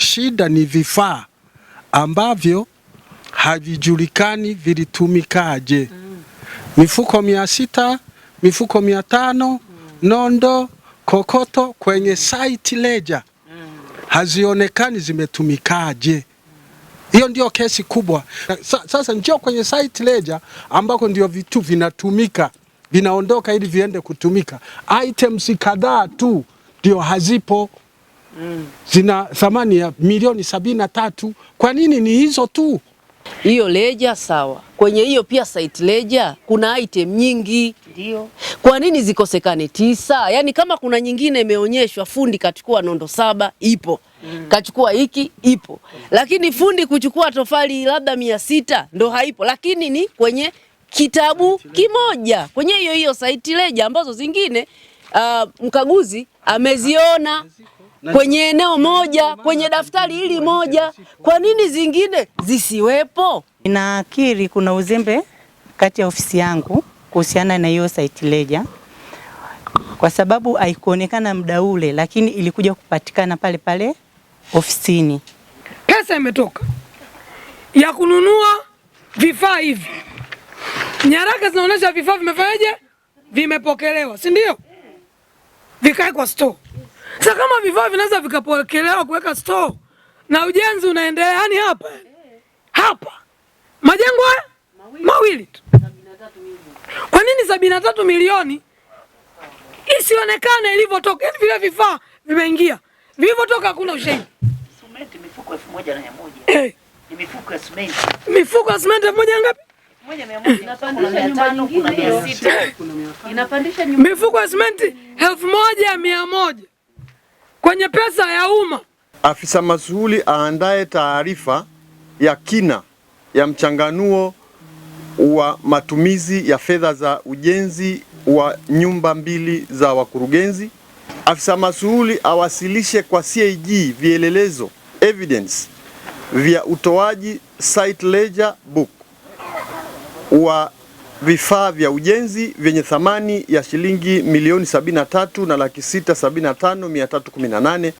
Shida ni vifaa ambavyo havijulikani vilitumikaje. Mifuko mia sita, mifuko mia tano, nondo, kokoto kwenye site leja hazionekani zimetumikaje. Hiyo ndio kesi kubwa. sasa njio kwenye site leja ambako ndio vitu vinatumika vinaondoka ili viende kutumika. Items kadhaa tu ndio hazipo zina thamani ya milioni sabini na tatu. Kwa nini ni hizo tu? Hiyo leja sawa, kwenye hiyo pia site leja kuna item nyingi, ndio kwa nini zikosekane tisa? Yaani kama kuna nyingine imeonyeshwa, fundi kachukua nondo saba ipo mm. kachukua hiki ipo mm. lakini fundi kuchukua tofali labda mia sita ndo haipo, lakini ni kwenye kitabu kimoja kwenye hiyo hiyo site leja ambazo zingine uh, mkaguzi ameziona kwenye eneo moja, kwenye daftari hili moja, kwa nini zingine zisiwepo? inaakiri kuna uzembe kati ya ofisi yangu kuhusiana na hiyo site leja, kwa sababu haikuonekana muda ule, lakini ilikuja kupatikana pale pale ofisini. Pesa imetoka ya kununua vifaa hivi, nyaraka zinaonyesha vifaa vimefanyaje, vimepokelewa, si ndio? Vikae kwa store. Sasa kama vifaa vinaweza vikapokelewa kuweka store na ujenzi unaendelea, yani hapa hapa majengo haya mawili tu, kwa nini sabini na tatu milioni isionekane ilivyotoka? Yani vile vifaa vimeingia, vilivyotoka hakuna ushahidi. Mifuko elfu moja eh. mifuko ya simenti, mifuko ya simenti elfu moja ngapi? mifuko ya simenti elfu moja mia moja kwenye pesa ya umma. Afisa masuhuli aandaye taarifa ya kina ya mchanganuo wa matumizi ya fedha za ujenzi wa nyumba mbili za wakurugenzi. Afisa masuhuli awasilishe kwa CAG vielelezo evidence vya utoaji site ledger book wa vifaa vya ujenzi vyenye thamani ya shilingi milioni 73 na laki sita sabini na tano mia tatu kumi na nane